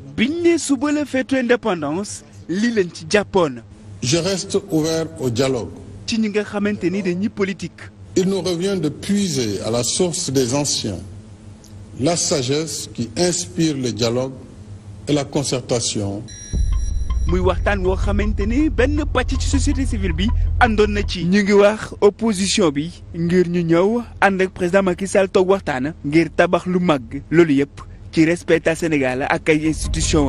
biñ ne suba la feetu indépendance lii leen ci jàppoon. je reste ouvert au dialogue. ci ñi nga xamante ni dañuy politique. il nous revient de puiser à la source des anciens la sagesse qui inspire le dialogue et la concertation. muy waxtaan woo xamante ni benn pàcc ci société civile bi àndoon na ci. ñu ngi wax opposition bi ngir ñu ñëw ànd ak président Macky toog waxtaan. ngir tabax lu mag loolu yëpp. ci respect à Sénégal ak ay institution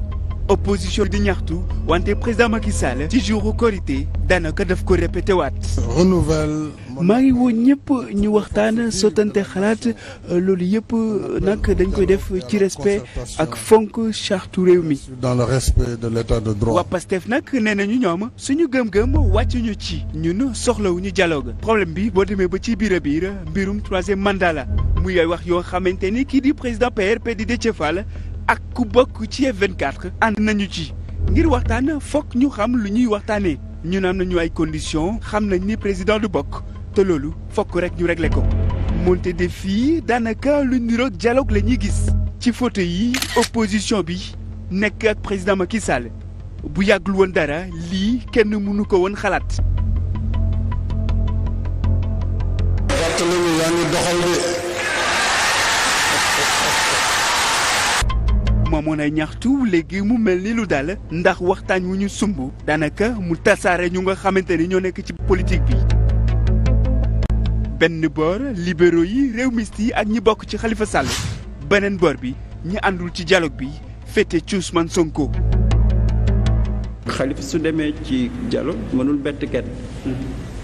opposition di ñaxtu wante président Macky Sall ci jouru Korité danaka daf ko répété waat. renouvelle. maa ngi woo ñëpp ñu waxtaan sottante xalaat loolu yëpp nag dañ koy def ci respect ak fonk charte réew mi. dans le respect de l'état de droit. waa nag nee nañu ñoom suñu gëm-gëm wàccuñu ci ñun soxlawuñu dialogue problème bi boo demee ba ci biir a mbirum troisième mandat la. muy ay wax yoo xamante ni kii di président PRP di Déthié Fall ak ku bokk ci F24 ànd nañu ci ngir waxtaan foog ñu xam lu ñuy waxtaanee ñun am nañu ay conditions xam na ni président du bokk te loolu fokk rek ñu réglé ko moonte de fii daanaka lu niroog dialogue la ñuy gis ci photo yi opposition bi nekk ak président Macky Sall bu yàggul woon dara lii kenn mënu ko woon xalaat. amoon ay ñaxtu léegi mu mel ni lu dal ndax waxtaan wu ñu sumb daanaka mu tasaare ñu nga xamante ni ñoo nekk ci politique bi. benn boor libéro yi réew Rewmiste yi ak ñi bokk ci xalifa Sall beneen boor bi ñi àndul ci dialogue bi féete ci Ousmane Sonko. xalifa su demee ci dialogue mënul bett kenn.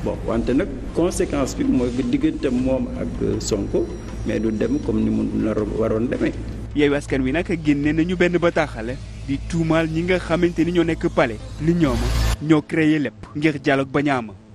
bon wante nag conséquence bi mooy diggante moom ak Sonko mais du dem comme ni mun naroon waroon demee. yeewu askan wi nag génne nañu benn bataaxale di tuumaal ñi nga xamante ni ñoo nekk palais li ñooma ñoo créé lépp ngir dialogue bañ a